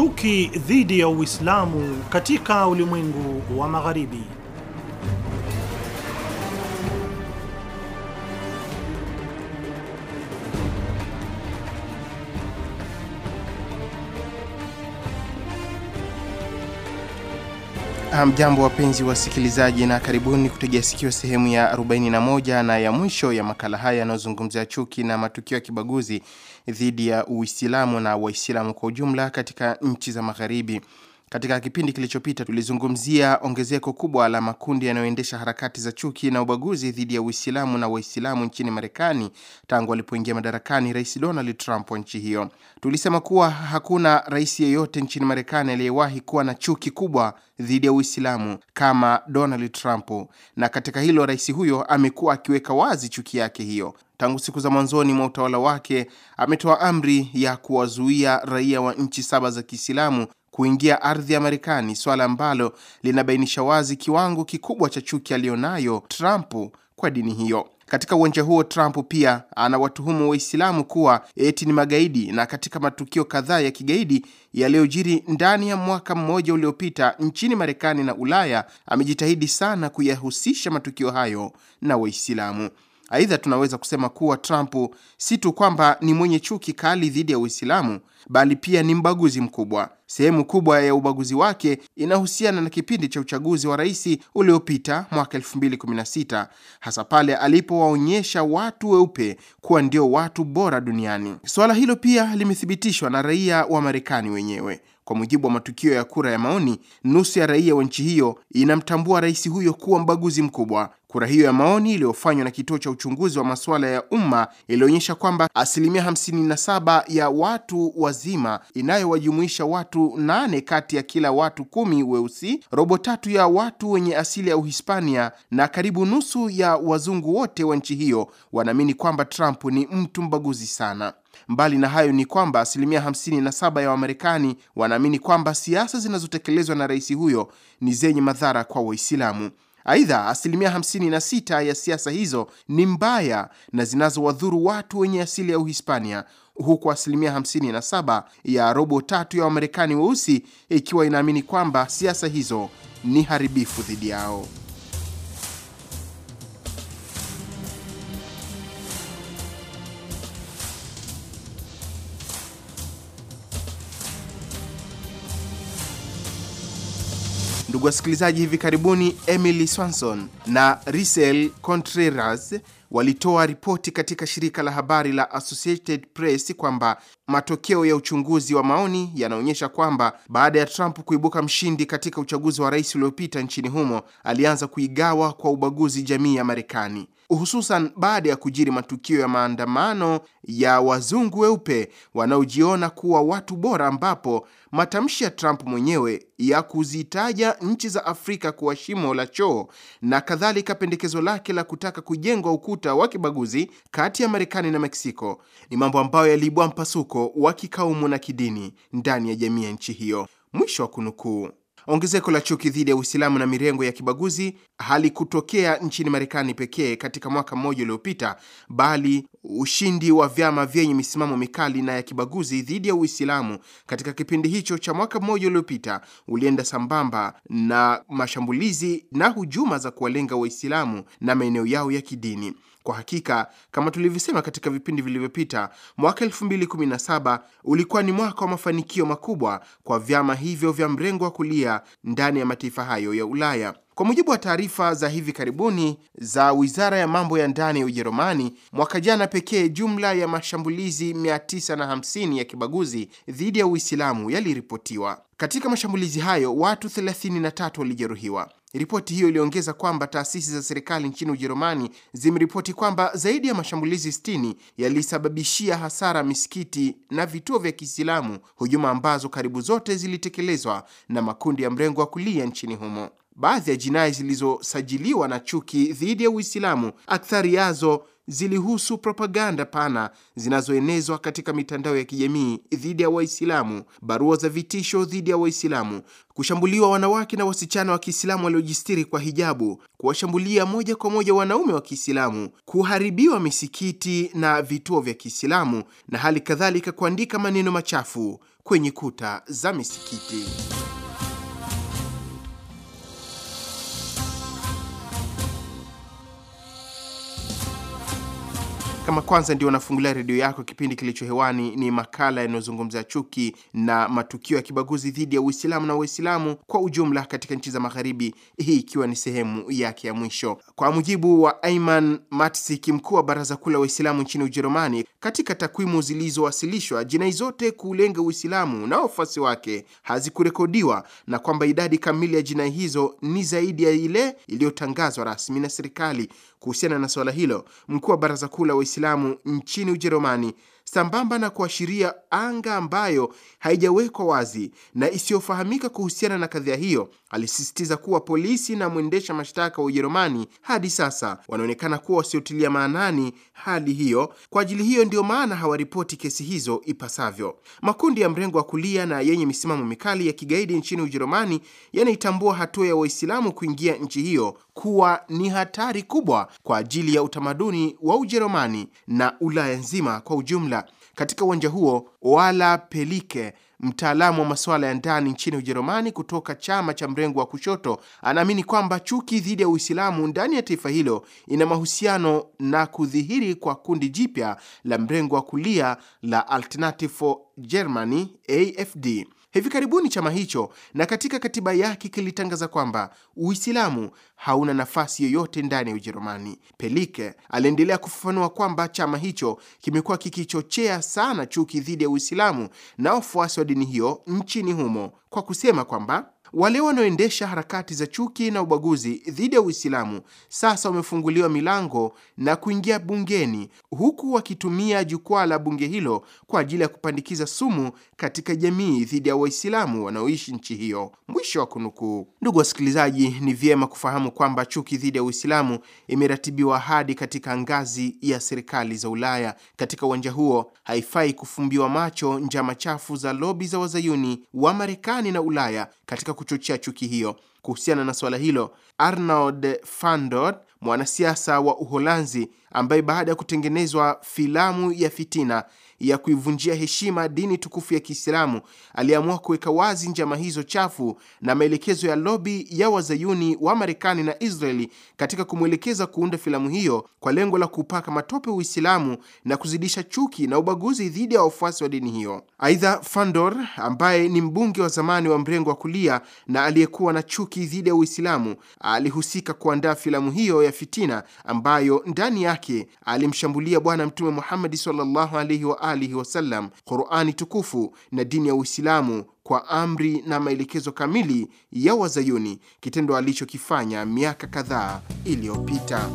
chuki dhidi ya Uislamu katika ulimwengu wa Magharibi. Hamjambo wapenzi wasikilizaji, na karibuni kutegea sikio sehemu ya 41 na ya mwisho ya makala haya yanayozungumzia chuki na matukio ya kibaguzi dhidi ya Uislamu na Waislamu kwa ujumla katika nchi za Magharibi. Katika kipindi kilichopita tulizungumzia ongezeko kubwa la makundi yanayoendesha harakati za chuki na ubaguzi dhidi ya Uislamu na Waislamu nchini Marekani tangu alipoingia madarakani Rais Donald Trump wa nchi hiyo. Tulisema kuwa hakuna rais yeyote nchini Marekani aliyewahi kuwa na chuki kubwa dhidi ya Uislamu kama Donald Trump, na katika hilo rais huyo amekuwa akiweka wazi chuki yake hiyo. Tangu siku za mwanzoni mwa utawala wake ametoa amri ya kuwazuia raia wa nchi saba za Kiislamu kuingia ardhi ya Marekani, swala ambalo linabainisha wazi kiwango kikubwa cha chuki aliyonayo Trump kwa dini hiyo. Katika uwanja huo Trump pia anawatuhumu Waislamu kuwa eti ni magaidi, na katika matukio kadhaa ya kigaidi yaliyojiri ndani ya mwaka mmoja uliopita nchini Marekani na Ulaya amejitahidi sana kuyahusisha matukio hayo na Waislamu. Aidha, tunaweza kusema kuwa Trump si tu kwamba ni mwenye chuki kali dhidi ya Uislamu, bali pia ni mbaguzi mkubwa. Sehemu kubwa ya ubaguzi wake inahusiana na kipindi cha uchaguzi wa rais uliopita mwaka 2016, hasa pale alipowaonyesha watu weupe kuwa ndio watu bora duniani. Suala hilo pia limethibitishwa na raia wa Marekani wenyewe. Kwa mujibu wa matukio ya kura ya maoni, nusu ya raia wa nchi hiyo inamtambua rais huyo kuwa mbaguzi mkubwa, Kura hiyo ya maoni iliyofanywa na kituo cha uchunguzi wa masuala ya umma ilionyesha kwamba asilimia 57 ya watu wazima inayowajumuisha watu nane kati ya kila watu kumi weusi, robo tatu ya watu wenye asili ya Uhispania na karibu nusu ya wazungu wote wa nchi hiyo wanaamini kwamba Trump ni mtu mbaguzi sana. Mbali na hayo ni kwamba asilimia 57 ya Wamarekani wanaamini kwamba siasa zinazotekelezwa na rais huyo ni zenye madhara kwa Waislamu. Aidha, asilimia 56 ya siasa hizo ni mbaya na zinazowadhuru watu wenye asili ya Uhispania, huku asilimia 57 ya robo tatu ya Wamarekani weusi ikiwa inaamini kwamba siasa hizo ni haribifu dhidi yao. Ndugu wasikilizaji, hivi karibuni Emily Swanson na Risel Contreras walitoa ripoti katika shirika la habari la Associated Press kwamba matokeo ya uchunguzi wa maoni yanaonyesha kwamba baada ya Trump kuibuka mshindi katika uchaguzi wa rais uliopita nchini humo, alianza kuigawa kwa ubaguzi jamii ya Marekani hususan baada ya kujiri matukio ya maandamano ya wazungu weupe wanaojiona kuwa watu bora, ambapo matamshi ya Trump mwenyewe ya kuzitaja nchi za Afrika kuwa shimo la choo na kadhalika, pendekezo lake la kutaka kujengwa ukuta wa kibaguzi kati ya Marekani na Meksiko ni mambo ambayo yaliibua mpasuko wa kikaumu na kidini ndani ya jamii ya nchi hiyo. Mwisho wa kunukuu. Ongezeko la chuki dhidi ya Uislamu na mirengo ya kibaguzi halikutokea nchini Marekani pekee katika mwaka mmoja uliopita, bali ushindi wa vyama vyenye misimamo mikali na ya kibaguzi dhidi ya Uislamu katika kipindi hicho cha mwaka mmoja uliopita ulienda sambamba na mashambulizi na hujuma za kuwalenga Waislamu na maeneo yao ya kidini. Kwa hakika kama tulivyosema katika vipindi vilivyopita, mwaka 2017 ulikuwa ni mwaka wa mafanikio makubwa kwa vyama hivyo vya mrengo wa kulia ndani ya mataifa hayo ya Ulaya. Kwa mujibu wa taarifa za hivi karibuni za wizara ya mambo ya ndani ya Ujerumani, mwaka jana pekee jumla ya mashambulizi 950 ya kibaguzi dhidi ya Uislamu yaliripotiwa. Katika mashambulizi hayo watu 33 walijeruhiwa. Ripoti hiyo iliongeza kwamba taasisi za serikali nchini Ujerumani zimeripoti kwamba zaidi ya mashambulizi 60 yalisababishia hasara misikiti na vituo vya Kiislamu, hujuma ambazo karibu zote zilitekelezwa na makundi ya mrengo wa kulia nchini humo baadhi ya jinai zilizosajiliwa na chuki dhidi ya Uislamu, akthari yazo zilihusu propaganda pana zinazoenezwa katika mitandao ya kijamii dhidi ya Waislamu, barua za vitisho dhidi ya Waislamu, kushambuliwa wanawake na wasichana wa Kiislamu waliojistiri kwa hijabu, kuwashambulia moja kwa moja wanaume wa Kiislamu, kuharibiwa misikiti na vituo vya Kiislamu, na hali kadhalika kuandika maneno machafu kwenye kuta za misikiti. Kama kwanza ndio unafungulia redio yako, kipindi kilicho hewani ni makala yanayozungumzia chuki na matukio ya kibaguzi dhidi ya Uislamu na Waislamu kwa ujumla katika nchi za Magharibi, hii ikiwa ni sehemu yake ya mwisho. Kwa mujibu wa Aiman Matsik, mkuu wa Baraza Kuu la Waislamu nchini Ujerumani, katika takwimu zilizowasilishwa, jinai zote kulenga Uislamu na wafuasi wake hazikurekodiwa na kwamba idadi kamili ya jinai hizo ni zaidi ya ile iliyotangazwa rasmi na serikali. Kuhusiana na suala hilo, mkuu wa Baraza Kuu la Waislamu Kiislamu nchini Ujerumani sambamba na kuashiria anga ambayo haijawekwa wazi na isiyofahamika kuhusiana na kadhia hiyo. Alisisitiza kuwa polisi na mwendesha mashtaka wa Ujerumani hadi sasa wanaonekana kuwa wasiotilia maanani hali hiyo. Kwa ajili hiyo, ndiyo maana hawaripoti kesi hizo ipasavyo. Makundi ya mrengo wa kulia na yenye misimamo mikali ya kigaidi nchini Ujerumani yanaitambua hatua ya Waislamu kuingia nchi hiyo kuwa ni hatari kubwa kwa ajili ya utamaduni wa Ujerumani na Ulaya nzima kwa ujumla. Katika uwanja huo, wala Pelike, mtaalamu wa masuala ya ndani nchini Ujerumani kutoka chama cha mrengo wa kushoto, anaamini kwamba chuki dhidi ya Uislamu ndani ya taifa hilo ina mahusiano na kudhihiri kwa kundi jipya la mrengo wa kulia la Alternative for Germany, AFD. Hivi karibuni chama hicho na katika katiba yake kilitangaza kwamba Uislamu hauna nafasi yoyote ndani ya Ujerumani. Pelike aliendelea kufafanua kwamba chama hicho kimekuwa kikichochea sana chuki dhidi ya Uislamu na wafuasi wa dini hiyo nchini humo kwa kusema kwamba wale wanaoendesha harakati za chuki na ubaguzi dhidi ya Uislamu sasa wamefunguliwa milango na kuingia bungeni, huku wakitumia jukwaa la bunge hilo kwa ajili ya kupandikiza sumu katika jamii dhidi ya Waislamu wanaoishi nchi hiyo. Mwisho wa kunukuu. Ndugu wasikilizaji, ni vyema kufahamu kwamba chuki dhidi ya Uislamu imeratibiwa hadi katika ngazi ya serikali za Ulaya. Katika uwanja huo, haifai kufumbiwa macho njama chafu za lobi za wazayuni wa Marekani na Ulaya katika kuchochea chuki hiyo. Kuhusiana na suala hilo, Arnold fandor mwanasiasa wa Uholanzi, ambaye baada ya kutengenezwa filamu ya fitina ya kuivunjia heshima dini tukufu ya Kiislamu aliamua kuweka wazi njama hizo chafu na maelekezo ya lobi ya wazayuni wa Marekani na Israeli katika kumwelekeza kuunda filamu hiyo kwa lengo la kupaka matope Uislamu na kuzidisha chuki na ubaguzi dhidi ya wafuasi wa dini hiyo. Aidha, Fandor ambaye ni mbunge wa zamani wa mrengo wa kulia na aliyekuwa na chuki dhidi ya Uislamu alihusika kuandaa filamu hiyo ya fitina ambayo ndani ya yake alimshambulia Bwana Mtume Muhammadi sallallahu alaihi wa alihi wasallam, Qurani tukufu na dini ya Uislamu kwa amri na maelekezo kamili ya Wazayuni, kitendo alichokifanya miaka kadhaa iliyopita.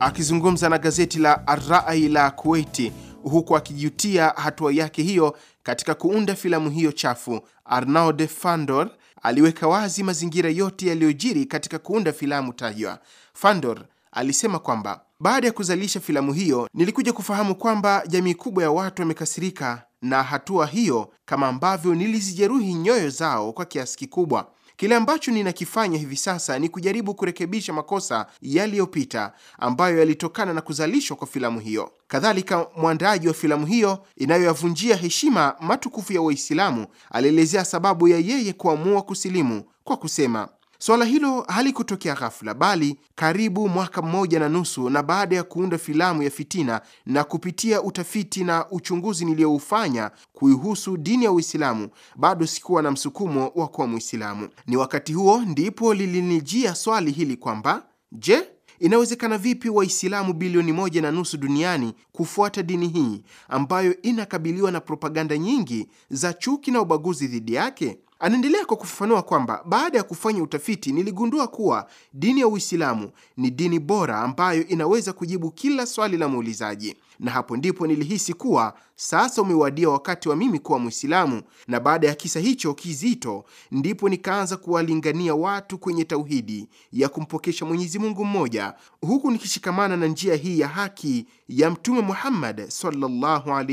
Akizungumza na gazeti la Arai la Kuwaiti huku akijutia hatua yake hiyo katika kuunda filamu hiyo chafu, Arnaud de Fandor aliweka wazi mazingira yote yaliyojiri katika kuunda filamu tajwa. Fandor alisema kwamba baada ya kuzalisha filamu hiyo, nilikuja kufahamu kwamba jamii kubwa ya watu wamekasirika na hatua hiyo, kama ambavyo nilizijeruhi nyoyo zao kwa kiasi kikubwa. Kile ambacho ninakifanya hivi sasa ni kujaribu kurekebisha makosa yaliyopita ambayo yalitokana na kuzalishwa kwa filamu hiyo. Kadhalika, mwandaaji wa filamu hiyo inayoyavunjia heshima matukufu ya Waislamu alielezea sababu ya yeye kuamua kusilimu kwa kusema Suala hilo halikutokea ghafula, bali karibu mwaka mmoja na nusu na baada ya kuunda filamu ya Fitina na kupitia utafiti na uchunguzi niliyoufanya kuihusu dini ya Uislamu, bado sikuwa na msukumo wa kuwa Mwislamu. Ni wakati huo ndipo lilinijia swali hili kwamba je, inawezekana vipi Waislamu bilioni moja na nusu duniani kufuata dini hii ambayo inakabiliwa na propaganda nyingi za chuki na ubaguzi dhidi yake? Anaendelea kwa kufafanua kwamba baada ya kufanya utafiti niligundua kuwa dini ya Uislamu ni dini bora ambayo inaweza kujibu kila swali la muulizaji na hapo ndipo nilihisi kuwa sasa umewadia wakati wa mimi kuwa Mwislamu. Na baada ya kisa hicho kizito, ndipo nikaanza kuwalingania watu kwenye tauhidi ya kumpokesha Mwenyezi Mungu mmoja, huku nikishikamana na njia hii ya haki ya Mtume Muhammad sallallahu wa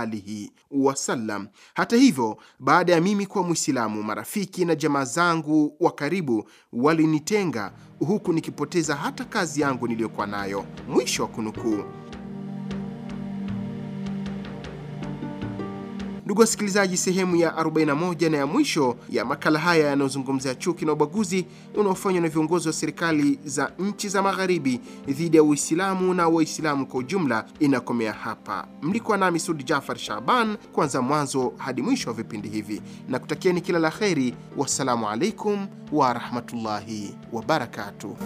alihi wasallam. Hata hivyo, baada ya mimi kuwa Mwislamu, marafiki na jamaa zangu wa karibu walinitenga, huku nikipoteza hata kazi yangu niliyokuwa nayo. Mwisho wa kunukuu. Ndugu wasikilizaji, sehemu ya 41 na ya mwisho ya makala haya yanayozungumzia chuki na ubaguzi unaofanywa na viongozi wa serikali za nchi za magharibi dhidi ya Uislamu na Waislamu kwa ujumla inakomea hapa. Mlikuwa nami Sudi Jafar Shaban kuanza mwanzo hadi mwisho wa vipindi hivi, na kutakieni kila la kheri. Wassalamu alaikum warahmatullahi wabarakatuh.